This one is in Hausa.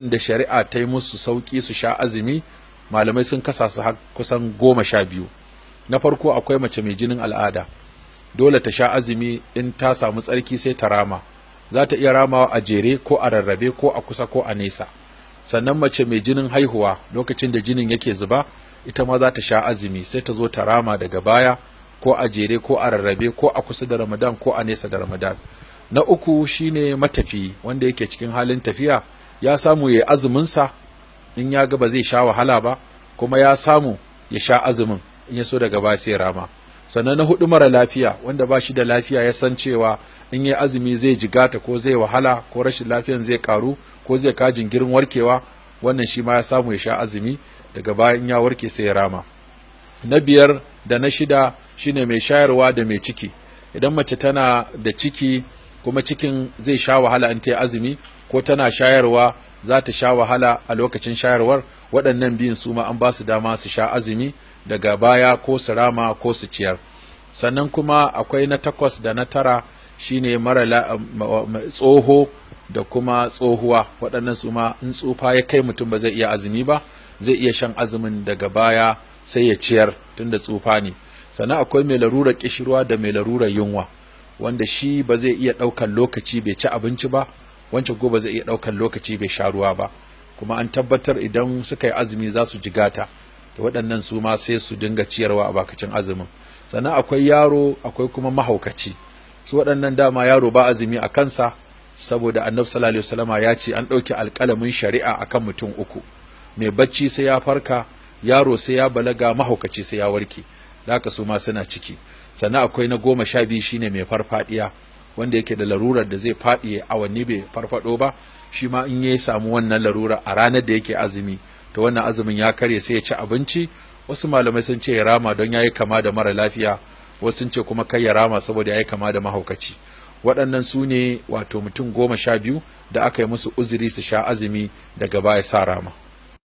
da shari'a ta yi musu sauƙi su sha azumi malamai sun kasa su kusan goma sha biyu na farko akwai mace mai jinin al'ada dole ta sha azumi in ta samu tsarki sai ta rama za ta iya ramawa a jere ko a rarrabe ko a kusa ko a nesa sannan mace mai jinin haihuwa lokacin da jinin yake zuba ita ma za ta sha azumi sai ta zo ta rama daga baya ko a jere ko a rarrabe ko a kusa da ramadan ko a nesa da ramadan na uku shine matafi wanda yake cikin halin tafiya ya samu ya sa in ya ga ba zai sha wahala ba kuma ya samu ya sha azumin in ya so daga ba sai rama sannan na hudu mara lafiya wanda ba shi da lafiya ya san cewa in ya azumi zai jigata ko zai wahala ko rashin lafiyan zai karu ko zai kajin girin warkewa wannan shi ma ya samu ya sha azumi daga baya in ya warke sai ya rama na biyar da na shida shine mai shayarwa da mai ciki idan mace tana da ciki kuma cikin zai sha wahala in ta azumi ko tana shayarwa za ta sha wahala a lokacin shayarwar waɗannan biyun su ma an ba su dama su sha azumi daga baya ko su rama ko su ciyar sannan kuma akwai na takwas da na tara shine mara um, tsoho da kuma tsohuwa waɗannan su ma in tsufa ya kai mutum ba zai iya azumi ba zai iya shan azumin daga baya sai ya ciyar tunda tsufa ne sannan akwai mai larurar ƙishirwa da mai larurar yunwa wanda shi ba zai iya ɗaukan lokaci bai ci abinci ba wancan gobe zai iya ɗaukar lokaci bai sha ruwa ba kuma an tabbatar idan suka yi azumi za su ji gata da waɗannan su ma sai su dinga ciyarwa a bakacin azumin sannan akwai yaro akwai kuma mahaukaci su waɗannan dama yaro ba azumi a kansa saboda annabi sallallahu alaihi wasallama ya ce an ɗauki alƙalamin shari'a akan mutum uku mai bacci sai ya farka yaro sai ya balaga mahaukaci sai ya warke da haka su ma suna ciki sannan akwai na goma sha biyu shine mai farfadiya wanda yake da larurar da zai faɗi awanni bai farfaɗo ba shi ma in ya samu wannan larura a ranar da yake azumi to wannan azumin ya karye sai ya ci abinci wasu malamai sun ce ya rama don ya yi kama da mara lafiya wasu sun ce kuma kai ya rama saboda ya yi kama da mahaukaci waɗannan su ne wato mutum goma sha biyu da aka yi musu uzuri su sha azumi daga baya sa rama